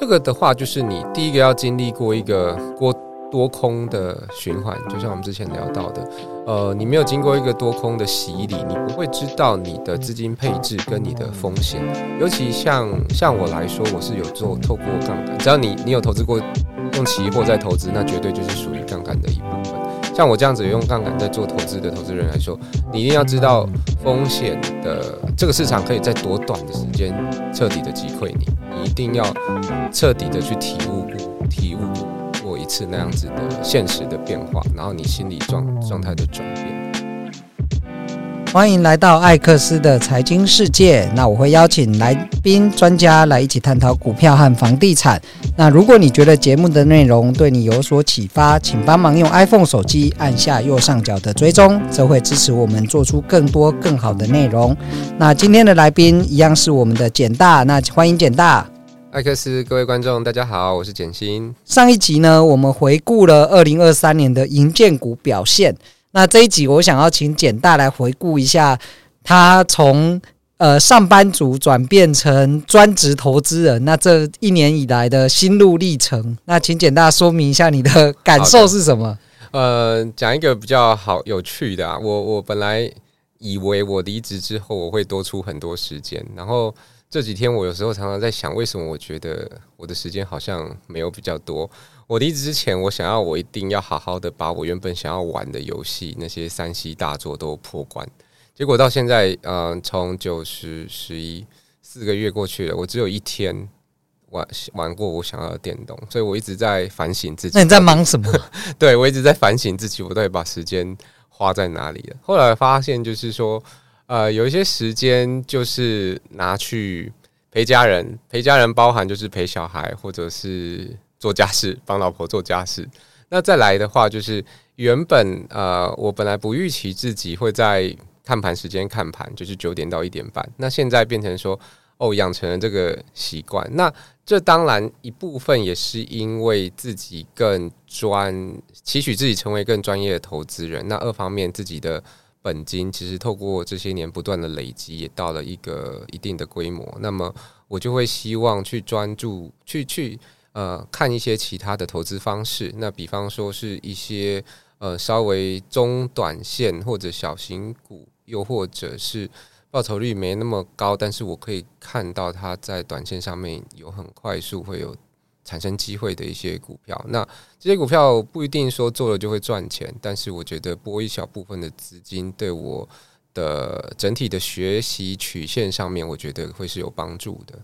這個的話，就是你第一個要經歷過一個過多空的循環，就像我們之前聊到的，呃，你沒有經過一個多空的洗禮，你不會知道你的資金配置跟你的風險。尤其像像我來說，我是有做透過槓桿，只要你你有投資過用期貨在投資，那絕對就是屬於槓桿的一步。像我這樣子用槓桿在做投資的投資人來說，你一定要知道風險的這個市場可以在多短的時間徹底的擊潰你你。你一定要徹底的去體悟、體悟過一次那樣子的現實的變化，然後你心理狀狀態的轉變。歡迎來到艾克斯的財經世界。那我會邀請來賓專家來一起探討股票和房地產。那如果你覺得節目的內容對你有所啟發，請幫忙用 iPhone 手機按下右上角的追蹤，這會支持我們做出更多更好的內容。那今天的來賓一樣是我們的簡大，那歡迎簡大。艾克斯，各位觀眾，大家好，我是簡新。上一集呢，我們回顧了二零二三年的營建股表現。那這一集，我想要請簡大來回顧一下他從呃上班族轉變成專職投資人，那這一年以來的心路歷程。那請簡大說明一下你的感受是什麼？Okay. 呃，講一個比較好有趣的啊。我我本來以為我離職之後我會多出很多時間，然後。這幾天我有時候常常在想，為什麼我覺得我的時間好像沒有比較多。我離職之前，我想要我一定要好好的把我原本想要玩的遊戲，那些三 C 大作都破關。結果到現在，嗯，從九十十一四個月過去了，我只有一天玩玩過我想要的電動，所以我一直在反省自己。那你在忙什麼？ 對，我一直在反省自己，我到底把時間花在哪裡了。後來發現就是說。呃，有一些時間就是拿去陪家人，陪家人包含就是陪小孩，或者是做家事，幫老婆做家事。那再來的話，就是原本呃，我本來不預期自己會在看盤時間看盤，就是九點到一點半。那現在變成說，哦，養成了這個習慣。那這當然一部分也是因為自己更專，期許自己成為更專業的投資人。那二方面自己的。本金其實透過這些年不斷的累積，也到了一個一定的規模。那麼我就會希望去專注去去呃看一些其他的投資方式。那比方說是一些呃稍微中短線或者小型股，又或者是報酬率沒那麼高，但是我可以看到它在短線上面有很快速會有。產生機會的一些股票，那這些股票不一定說做了就會賺錢，但是我覺得撥一小部分的資金，對我的整體的學習曲線上面，我覺得會是有幫助的。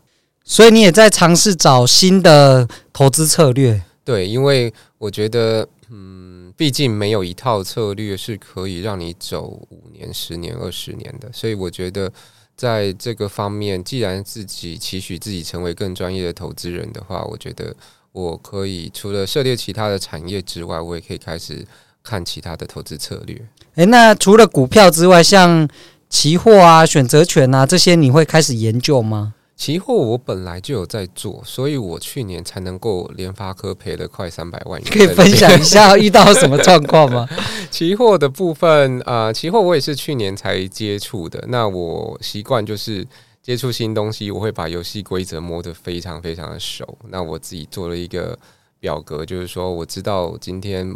所以你也在嘗試找新的投資策略？對，因為我覺得，嗯，畢竟沒有一套策略是可以讓你走五年、十年、二十年的，所以我覺得。在這個方面，既然自己期許自己成為更專業的投資人的話，我覺得我可以除了涉獵其他的產業之外，我也可以開始看其他的投資策略。誒、欸，那除了股票之外，像期貨啊、選擇權啊這些，你會開始研究嗎？期貨我本來就有在做，所以我去年才能夠聯發科賠了快三百萬元。可以分享一下遇到什麼狀況嗎？ 期貨的部分啊、呃，期貨我也是去年才接觸的。那我習慣就是接觸新東西，我會把遊戲規則摸得非常非常的熟。那我自己做了一個表格，就是說我知道我今天。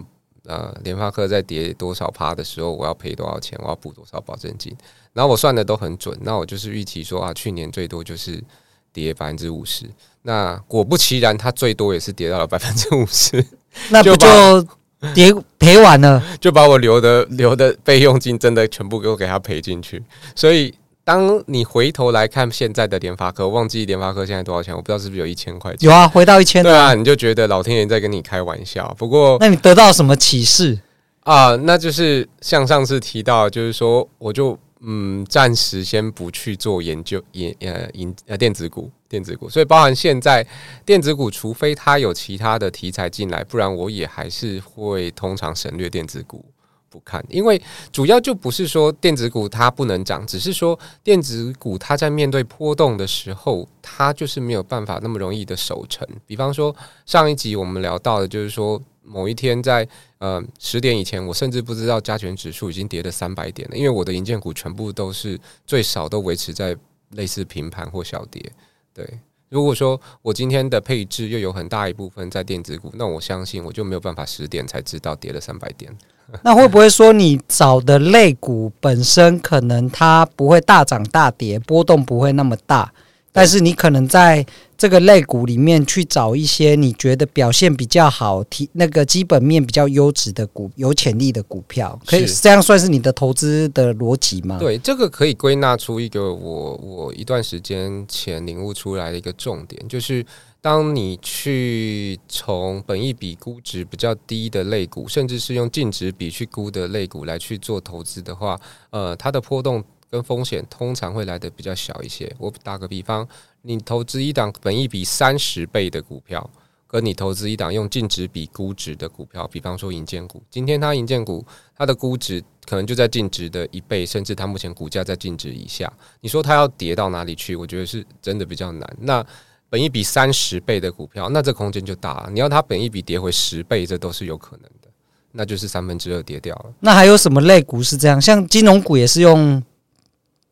呃，聯發科在跌多少趴的時候，我要賠多少錢，我要補多少保證金？然後我算的都很準，那我就是預期說啊，去年最多就是跌百分之五十。那果不其然，他最多也是跌到了百分之五十，那不就， 就跌賠完了，就把我留的留的備用金真的全部給我，給他賠進去，所以，當你回頭來看現在的聯發科，忘記聯發科現在多少錢？我不知道是不是有一千塊錢。有啊，回到一千啊。對啊，你就覺得老天爺在跟你開玩笑。不過，那你得到什麼啟示啊？呃？那就是像上次提到，就是說，我就嗯，暫時先不去做研究，也呃研呃電子股，電子股。所以，包含現在電子股，除非它有其他的題材進來，不然我也還是會通常省略電子股。不看，因為主要就不是說電子股它不能漲，只是說電子股它在面對波動的時候，它就是沒有辦法那麼容易的守成。比方說上一集我們聊到的，就是說某一天在呃十點以前，我甚至不知道加權指數已經跌了三百點了，因為我的營建股全部都是最少都維持在類似平盤或小跌，對。如果說我今天的配置又有很大一部分在電子股，那我相信我就沒有辦法十點才知道跌了三百點。那會不會說你找的類股本身可能它不會大漲大跌，波動不會那麼大？但是你可能在這個類股裡面去找一些你覺得表現比較好，提那個基本面比較優質的股、有潛力的股票，可以這樣算是你的投資的邏輯嗎？對，這個可以歸納出一個我我一段時間前領悟出來的一個重點，就是當你去從本益比估值比較低的類股，甚至是用淨值比去估的類股來去做投資的話，呃，它的波動。跟風險通常會來的比較小一些。我打個比方，你投資一檔本益比三十倍的股票，跟你投資一檔用淨值比估值的股票，比方說營建股，今天它營建股它的估值可能就在淨值的一倍，甚至它目前股價在淨值以下。你說它要跌到哪裡去？我覺得是真的比較難。那本益比三十倍的股票，那這空間就大，你要它本益比跌回十倍，這都是有可能的，那就是三分之二跌掉了。那還有什麼類股是這樣？像金融股也是用。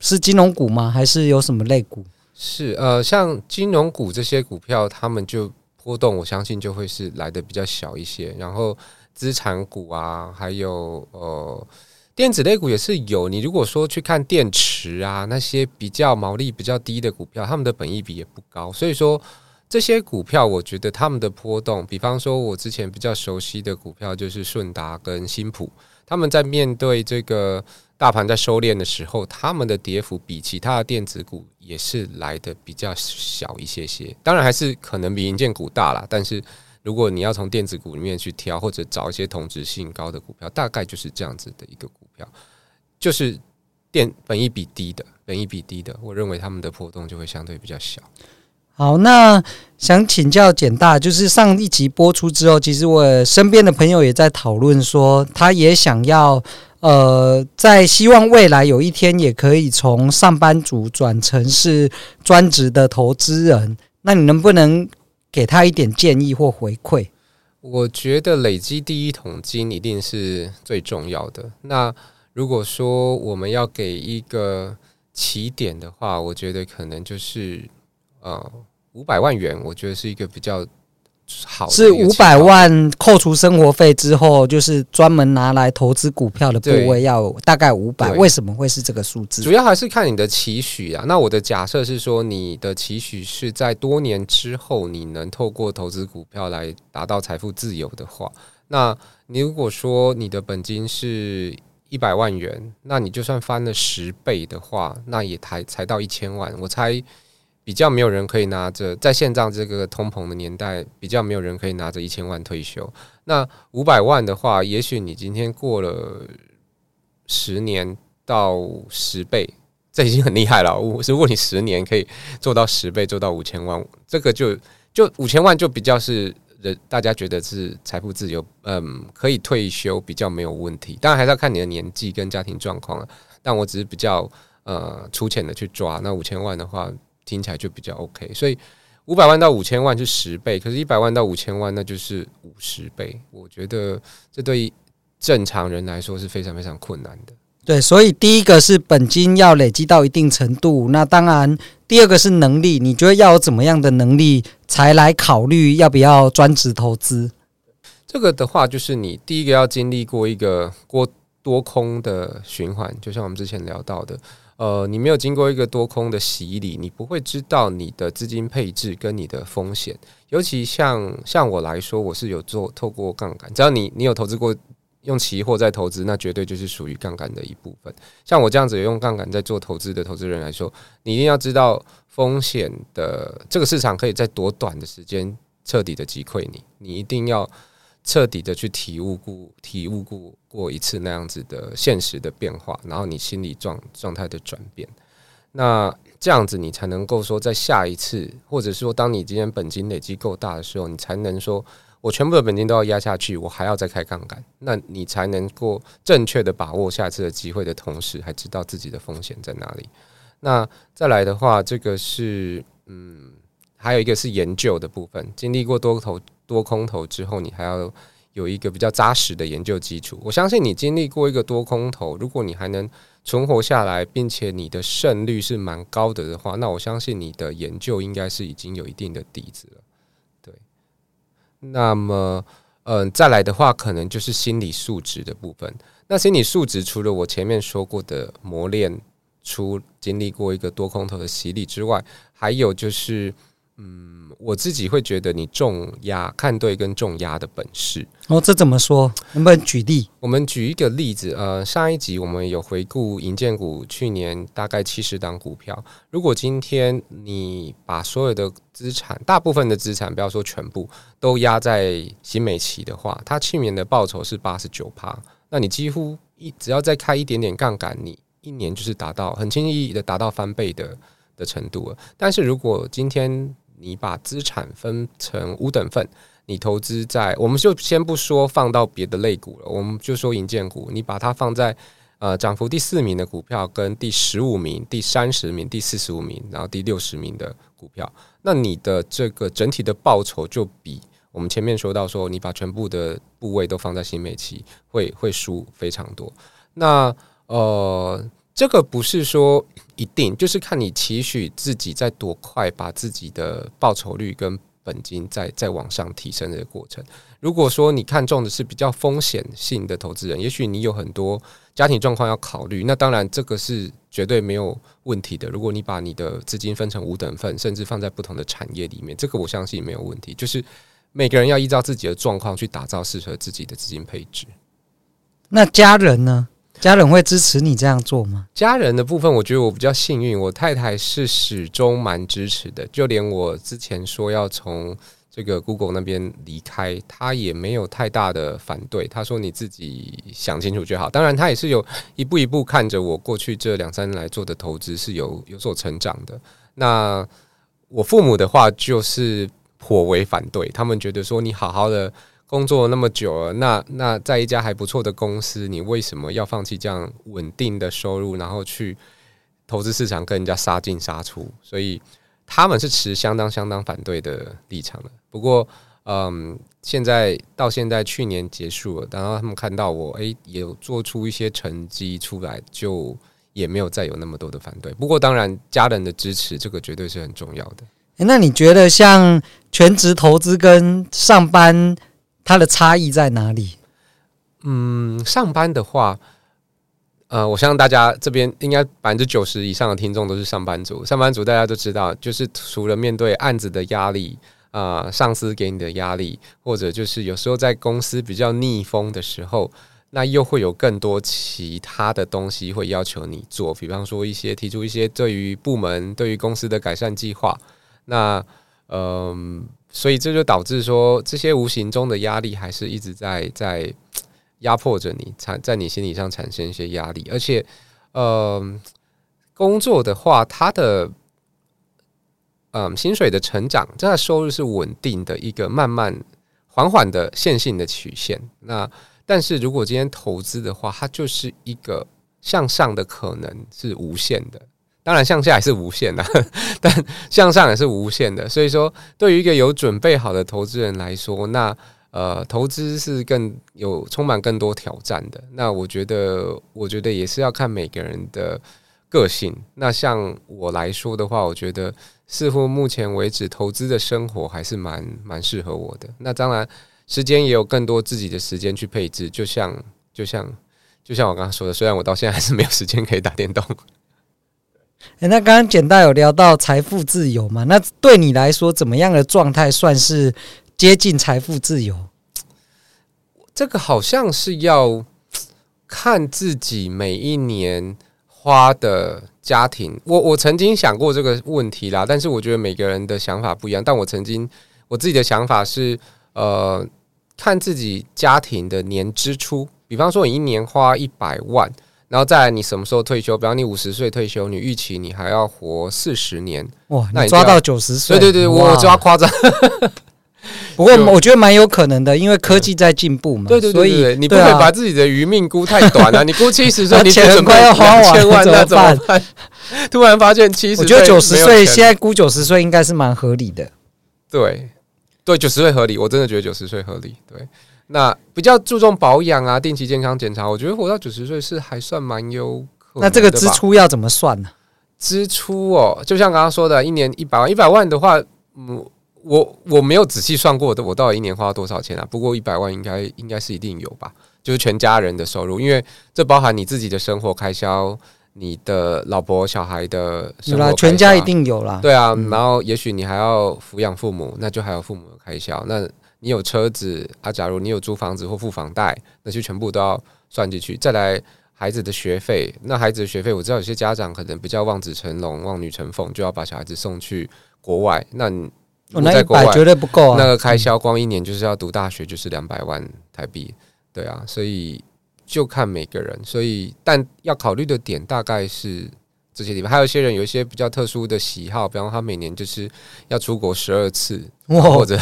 是金融股嗎？還是有什麼類股？是呃，像金融股這些股票，他們就波動，我相信就會是來的比較小一些。然後資產股啊，還有呃電子類股也是有。你如果說去看電池啊那些比較毛利比較低的股票，他們的本益比也不高，所以說這些股票我覺得他們的波動，比方說我之前比較熟悉的股票就是順達跟新普。他們在面對這個大盤在收斂的時候，他們的跌幅比其他的電子股也是來的比較小一些些。當然還是可能比營建股大啦，但是如果你要從電子股裡面去挑或者找一些同質性高的股票，大概就是這樣子的一個股票，就是電本益比低的，本益比低的，我認為他們的波動就會相對比較小。好，那想請教簡大，就是上一集播出之後，其實我身邊的朋友也在討論說，他也想要，呃，在希望未來有一天也可以從上班族轉成是專職的投資人。那你能不能給他一點建議或回饋？我覺得累積第一桶金一定是最重要的。那如果說我們要給一個起點的話，我覺得可能就是，呃，五百萬元，我覺得是一個比較好。是五百萬扣除生活費之後，就是專門拿來投資股票的部位，要大概五百。為什麼會是這個數字？主要還是看你的期許啊。那我的假設是說，你的期許是在多年之後，你能透過投資股票來達到財富自由的話，那你如果說你的本金是一百萬元，那你就算翻了十倍的話，那也才才到一千萬。我猜。比較沒有人可以拿着在現在這個通膨的年代，比較沒有人可以拿着一千萬退休。那五百萬的話，也許你今天過了十年到十倍，這已經很厲害了。我如果你十年可以做到十倍，做到五千萬，這個就就五千萬就比較是人大家覺得是財富自由，嗯，可以退休比較沒有問題。當然還是要看你的年紀跟家庭狀況了。但我只是比較呃粗淺的去抓那五千萬的話。聽起來就比較 OK，所以五百萬到五千萬是十倍，可是，一百萬到五千萬那就是五十倍。我覺得這對正常人來說是非常非常困難的。對，所以第一個是本金要累積到一定程度，那當然，第二個是能力。你覺得要有怎麼樣的能力才來考慮要不要專職投資？這個的話，就是你第一個要經歷過一個過多空的循環，就像我們之前聊到的。呃，你沒有經過一個多空的洗禮，你不會知道你的資金配置跟你的風險。尤其像像我來說，我是有做透過槓桿。只要你你有投資過用期貨在投資，那絕對就是屬於槓桿的一部分。像我這樣子用槓桿在做投資的投資人來說，你一定要知道風險的這個市場可以在多短的時間徹底的擊潰你，你一定要。徹底的去體悟過，體悟過過一次那樣子的現實的變化，然後你心理狀狀態的轉變，那這樣子你才能夠說，在下一次，或者說當你今天本金累積夠大的時候，你才能說我全部的本金都要壓下去，我還要再開槓桿，那你才能夠正確的把握下次的機會的同時，還知道自己的風險在哪裡。那再來的話，這個是嗯，還有一個是研究的部分，經歷過多頭，多空頭之後，你還要有一個比較扎實的研究基礎。我相信你經歷過一個多空頭，如果你還能存活下來，並且你的勝率是蠻高的的話，那我相信你的研究應該是已經有一定的底子了。對，那麼，嗯，再來的話，可能就是心理素質的部分。那心理素質除了我前面說過的磨練出經歷過一個多空頭的洗禮之外，還有就是。嗯，我自己會覺得你重壓看對跟重壓的本事哦，這怎麼說？能不能舉例？我們舉一個例子，呃，上一集我們有回顧營建股去年大概七十檔股票。如果今天你把所有的資產，大部分的資產，不要說全部，都壓在新美齊的話，它去年的報酬是八十九趴，那你幾乎一隻要再開一點點槓桿，你一年就是達到很輕易的達到翻倍的的程度了。但是如果今天你把資產分成五等份，你投資在，我們就先不說放到別的類股了，我們就說營建股。你把它放在呃漲幅第四名的股票，跟第十五名、第三十名、第四十五名，然後第六十名的股票，那你的這個整體的報酬就比我們前面說到說，你把全部的部位都放在新美齊，會會輸非常多。那呃。這個不是說一定，就是看你期許自己在多快把自己的報酬率跟本金再再，再往上提升的過程。如果說你看中的是比較風險性的投資人，也許你有很多家庭狀況要考慮，那當然這個是絕對沒有問題的。如果你把你的資金分成五等份，甚至放在不同的產業裡面，這個我相信沒有問題。就是每個人要依照自己的狀況去打造適合自己的資金配置。那家人呢？家人會支持你這樣做嗎？家人的部分，我覺得我比較幸運，我太太是始終蠻支持的。就連我之前說要從這個 Google 那邊離開，她也沒有太大的反對。她說你自己想清楚就好。當然，她也是有一步一步看着我過去這兩三年來做的投資是有有所成長的。那我父母的話就是頗為反對，他們覺得說你好好的。工作那麼久了，那那在一家還不錯的公司，你為什麼要放棄這樣穩定的收入，然後去投資市場跟人家殺進殺出？所以他們是持相當相當反對的立場的。不過，嗯，現在到現在去年結束了，然後他們看到我哎，也、欸、有做出一些成績出來，就也沒有再有那麼多的反對。不過，當然家人的支持，這個絕對是很重要的。欸、那你覺得像全職投資跟上班？它的差異在哪裡？嗯，上班的話，呃，我相信大家這邊應該百分之九十以上的聽眾都是上班族。上班族大家都知道，就是除了面對案子的壓力啊，呃，上司給你的壓力，或者就是有時候在公司比較逆風的時候，那又會有更多其他的東西會要求你做，比方說一些提出一些對於部門、對於公司的改善計劃。那嗯。呃所以這就導致說，這些無形中的壓力還是一直在在壓迫着你,產在你心理上產生一些壓力。而且，嗯、呃，工作的話，它的，嗯、呃，薪水的成長，這收入是穩定的一個慢慢緩緩的線性的曲線那。那但是如果今天投資的話，它就是一個向上的，可能是無限的。當然，向下也是無限的， 但向上也是無限的。所以說，對於一個有準備好的投資人來說那，那呃，投資是更有充滿更多挑戰的。那我覺得，我覺得也是要看每個人的個性。那像我來說的話，我覺得似乎目前為止，投資的生活還是蠻蠻適合我的。那當然，時間也有更多自己的時間去配置就。就像就像就像我剛剛說的，雖然我到現在還是沒有時間可以打電動。 欸，那剛剛簡大有聊到財富自由嘛，那對你來說，怎麼樣的狀態算是接近財富自由？這個好像是要看自己每一年花的家庭我。我我曾經想過這個問題啦，但是我覺得每個人的想法不一樣。但我曾經我自己的想法是，呃，看自己家庭的年支出。比方說，你一年花一百萬。然後再來，你什麼時候退休？比方你五十歲退休，你預期你還要活四十年，哇，那你，你抓到九十歲？對對對，我抓誇張。 不過我覺得蠻有可能的，因為科技在進步嘛。對對對，對，對、所以、啊、你不會把自己的餘命估太短了、啊。 你估七十歲，錢很快要花完了千萬了，怎麼辦？突然發現七十，我覺得九十歲現在估九十歲應該是蠻合理的。對對，九十歲合理，我真的覺得九十歲合理。對。那比較注重保養啊，定期健康檢查，我覺得活到九十歲是還算蠻有可能。可那這個支出要怎麼算呢？支出哦，就像剛剛說的，一年一百萬，一百萬的話，嗯，我我沒有仔細算過的，我到底一年花了多少錢啊？不過一百萬應該應該是一定有吧，就是全家人的收入，因為這包含你自己的生活開銷，你的老婆小孩的，有啦，全家一定有啦。對啊，然後也許你還要撫養父母，嗯，那就還有父母的開銷，那。你有車子，啊，假如你有租房子或付房貸，那就全部都要算進去。再來孩子的學費，那孩子的學費，我知道有些家長可能比較望子成龍、望女成鳳，就要把小孩子送去國外。那你我在國外，哦，絕對不夠，啊，那個開銷光一年就是要讀大學就是兩百萬台幣，對啊，所以就看每個人，所以但要考慮的點大概是。這些裡面還有一些人有一些比較特殊的喜好，比方說他每年就是要出國十二次，哦，或者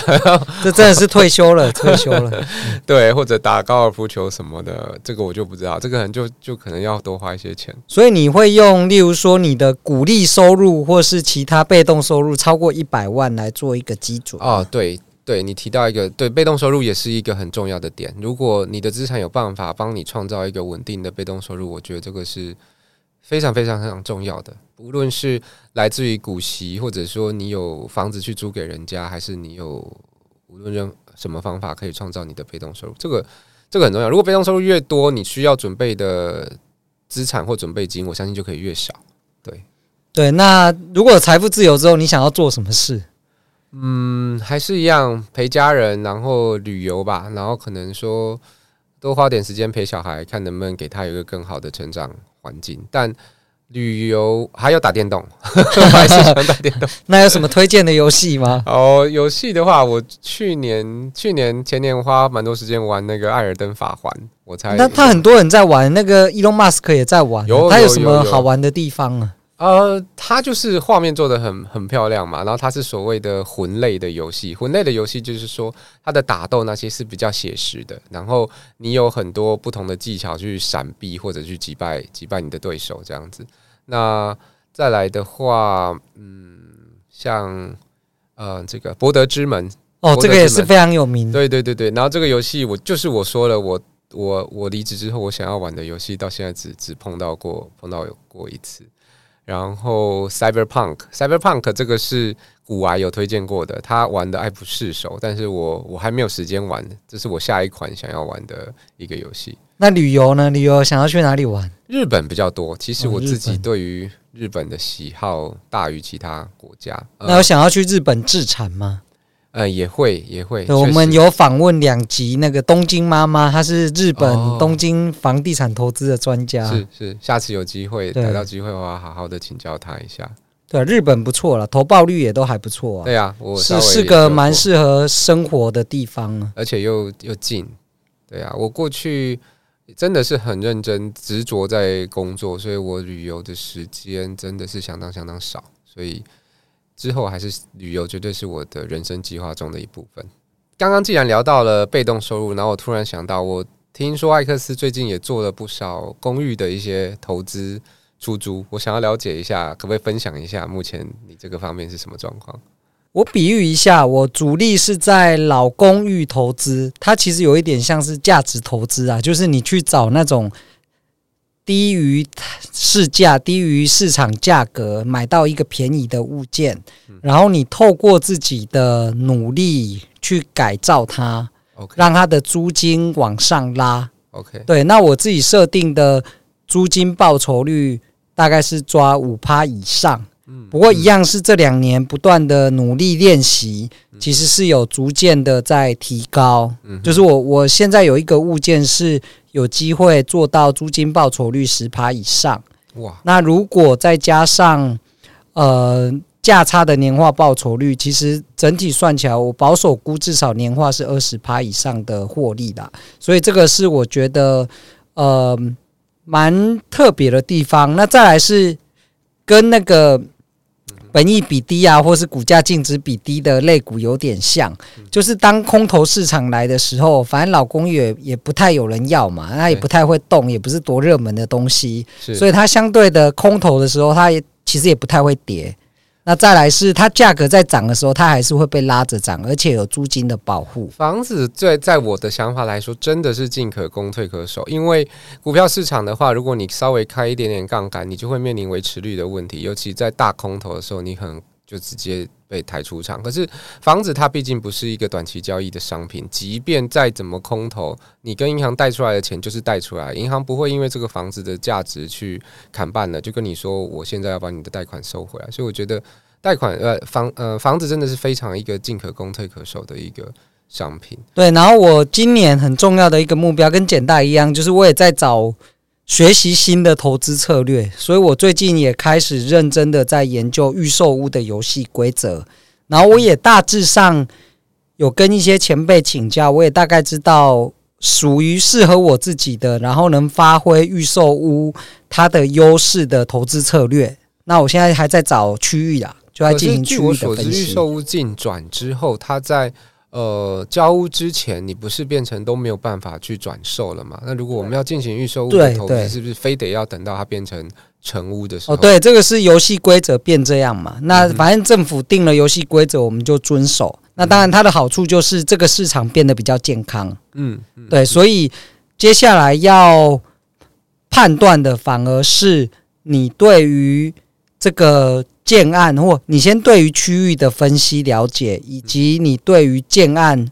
這真的是退休了， 退休了，對，或者打高爾夫球什麼的，這個我就不知道，這個可能就就可能要多花一些錢。所以你會用，例如說你的股利收入，或是其他被動收入超過一百萬來做一個基準啊、哦？對，對你提到一個對被動收入也是一個很重要的點。如果你的資產有辦法幫你創造一個穩定的被動收入，我覺得這個是。非常非常非常重要的，無論是來自於股息，或者說你有房子去租給人家，還是你有無論用什麼方法可以創造你的被動收入，這個這個很重要。如果被動收入越多，你需要準備的資產或準備金，我相信就可以越少。對對，那如果財富自由之後，你想要做什麼事？嗯，還是一樣陪家人，然後旅游吧，然後可能說多花點時間陪小孩，看能不能給他有一個更好的成長。環境，但旅遊還要打電動， 還是喜歡打電動？ 那有什麼推薦的遊戲嗎？哦，遊戲的話，我去年、去年、前年花蠻多時間玩那個《艾爾登法環》，我猜那他很多人在玩，嗯、那個伊隆馬斯克也在玩，他有什麼好玩的地方啊？呃，它就是畫面做的很很漂亮嘛，然後它是所謂的魂類的遊戲，魂類的遊戲就是說它的打鬥那些是比較寫實的，然後你有很多不同的技巧去閃避或者去擊敗擊敗你的對手這樣子。那再來的話，嗯，像呃這個《博德之門》哦，哦，這個也是非常有名的，對對對對。然後這個遊戲我就是我說了我，我我我離職之後我想要玩的遊戲，到現在只只碰到過碰到過一次。然後 Cyberpunk，Cyberpunk Cyberpunk 這個是古玩有推薦過的，他玩的愛不釋手，但是我我還沒有時間玩，這是我下一款想要玩的一個遊戲。那旅遊呢？旅遊想要去哪裡玩？日本比較多，其實我自己對於日本的喜好大於其他國家、哦呃。那有想要去日本置產嗎？呃、嗯，也會也會，我們有訪問兩集那個東京媽媽，她是日本東京房地產投資的專家。哦、是是，下次有機會，逮到機會的話，我要好好的請教她一下。對，日本不錯了，投報率也都還不錯、啊。對啊，我是是個蠻適合生活的地方、啊，而且又又近。對啊，我過去真的是很認真執着在工作，所以我旅遊的時間真的是相當相當少，所以。之後還是旅遊，絕對是我的人生計劃中的一部分。剛剛既然聊到了被動收入，然後我突然想到，我聽說艾克斯最近也做了不少公寓的一些投資出租，我想要了解一下，可不可以分享一下目前你這個方面是什麼狀況？我比喻一下，我主力是在老公寓投資，它其實有一點像是價值投資啊，就是你去找那種。低於市價，低於市場價格買到一個便宜的物件，然後你透過自己的努力去改造它，okay. 讓它的租金往上拉。Okay. 對，那我自己設定的租金報酬率大概是抓五趴以上。嗯，不過一樣是這兩年不斷的努力練習，其實是有逐漸的在提高。就是我我現在有一個物件是有機會做到租金報酬率十趴以上。哇，那如果再加上呃價差的年化報酬率，其實整體算起來，我保守估至少年化是二十趴以上的獲利的。所以這個是我覺得呃蠻特別的地方。那再來是跟那個。本意比低啊，或是股價淨值比低的類股有點像，就是當空頭市場來的時候，反正老公寓也也不太有人要嘛，他也不太會動，也不是多熱門的東西，所以它相對的空頭的時候，它也其實也不太會跌。那再來是它價格在漲的時候，它還是會被拉着漲，而且有租金的保護。房子在在我的想法來說，真的是進可攻退可守，因為股票市場的話，如果你稍微開一點點槓桿，你就會面臨維持率的問題，尤其在大空頭的時候，你很就直接。被抬出場，可是房子它畢竟不是一個短期交易的商品，即便再怎麼空頭，你跟銀行貸出來的錢就是貸出來，銀行不會因為這個房子的價值去砍半的，就跟你說我現在要把你的貸款收回來。所以我覺得貸款呃房呃房子真的是非常一個進可攻退可守的一個商品。對，然後我今年很重要的一個目標跟簡大一樣，就是我也在找。學習新的投資策略，所以我最近也開始認真的在研究預售屋的遊戲規則。然後我也大致上有跟一些前輩請教，我也大概知道屬於適合我自己的，然後能發揮預售屋它的優勢的投資策略。那我現在還在找區域啊，就在進行區域。據我預售屋進轉之後，它在。呃，交屋之前，你不是變成都沒有辦法去轉售了嘛？那如果我們要進行預售屋的投資，是不是非得要等到它變成成屋的時候？對，對，哦，對，這個是遊戲規則變這樣嘛？那反正政府定了遊戲規則，我們就遵守。那當然，它的好處就是這個市場變得比較健康。嗯，嗯對，所以接下來要判斷的，反而是你對於這個。建案，或你先對於區域的分析了解，以及你對於建案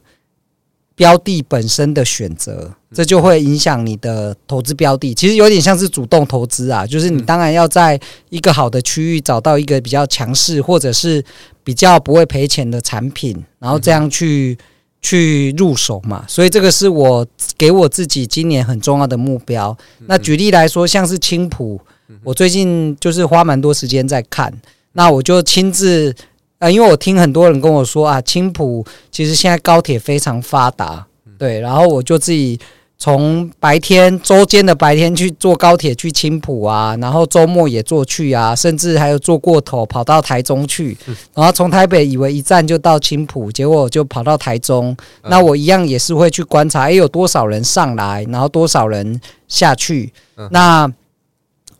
標的本身的選擇，這就會影響你的投資標的。其實有點像是主動投資啊，就是你當然要在一個好的區域找到一個比較強勢或者是比較不會賠錢的產品，然後這樣去去入手嘛。所以這個是我給我自己今年很重要的目標。那舉例來說，像是青埔，我最近就是花蠻多時間在看。那我就親自，啊、呃，因為我聽很多人跟我說啊，青埔其實現在高鐵非常發達，對。然後我就自己從白天週間的白天去坐高鐵去青埔啊，然後週末也坐去啊，甚至還有坐過頭跑到台中去。然後從台北以為一站就到青埔，結果我就跑到台中。那我一樣也是會去觀察，誒、欸，有多少人上來，然後多少人下去，那。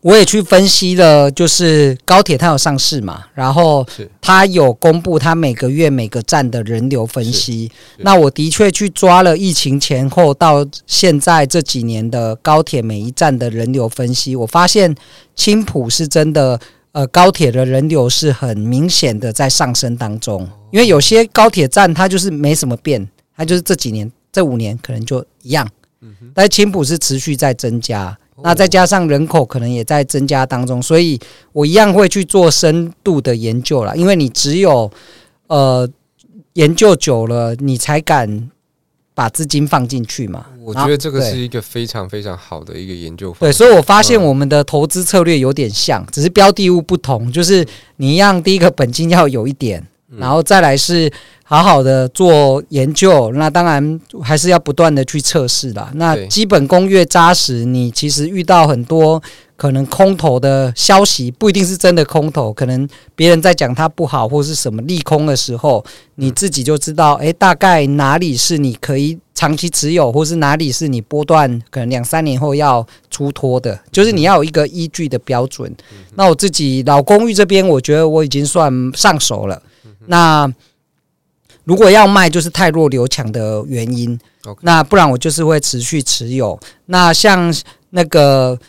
我也去分析了，就是高鐵它有上市嘛，然後它有公布它每個月每個站的人流分析。那我的確去抓了疫情前後到現在這幾年的高鐵每一站的人流分析，我發現青埔是真的，呃，高鐵的人流是很明顯的在上升當中。因為有些高鐵站它就是沒什麼變，它就是這幾年這五年可能就一樣，嗯哼，但是青埔是持續在增加。那再加上人口可能也在增加當中，所以我一樣會去做深度的研究啦，因為你只有呃研究久了，你才敢把資金放進去嘛。我覺得這個是一個非常非常好的一個研究方法。對，對，所以我發現我們的投資策略有點像，只是標的物不同。就是你一樣，第一個本金要有一點。嗯、然後再來是好好的做研究，那當然還是要不斷的去測試啦。那基本功越扎實，你其實遇到很多可能空頭的消息，不一定是真的空頭，可能別人在講它不好或是什麼利空的時候，你自己就知道，誒、欸，大概哪裡是你可以長期持有，或是哪裡是你波段可能兩三年後要出脫的，就是你要有一個依據的標準。那我自己老公寓這邊，我覺得我已經算上手了。那如果要賣，就是汰弱留強的原因。Okay. 那不然我就是會持續持有。那像那個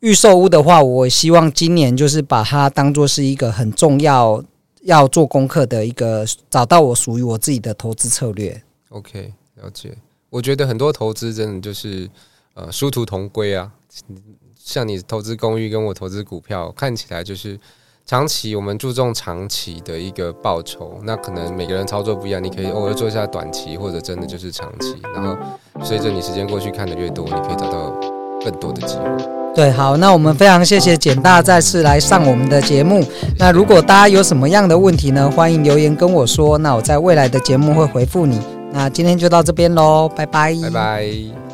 預售屋的話，我希望今年就是把它當做是一個很重要要做功課的一個，找到我屬於我自己的投資策略。OK，了解。我覺得很多投資真的就是呃殊途同歸啊，像你投資公寓跟我投資股票看起來就是。長期，我們注重長期的一個報酬，那可能每個人操作不一樣。你可以偶爾、哦、做一下短期，或者真的就是長期。然後，隨着你時間過去看得越多，你可以找到更多的機會。對，好，那我們非常謝謝簡大再次來上我們的節目。那如果大家有什麼樣的問題呢，歡迎留言跟我說。那我在未來的節目會回復你。那今天就到這邊嘍，拜拜，拜拜。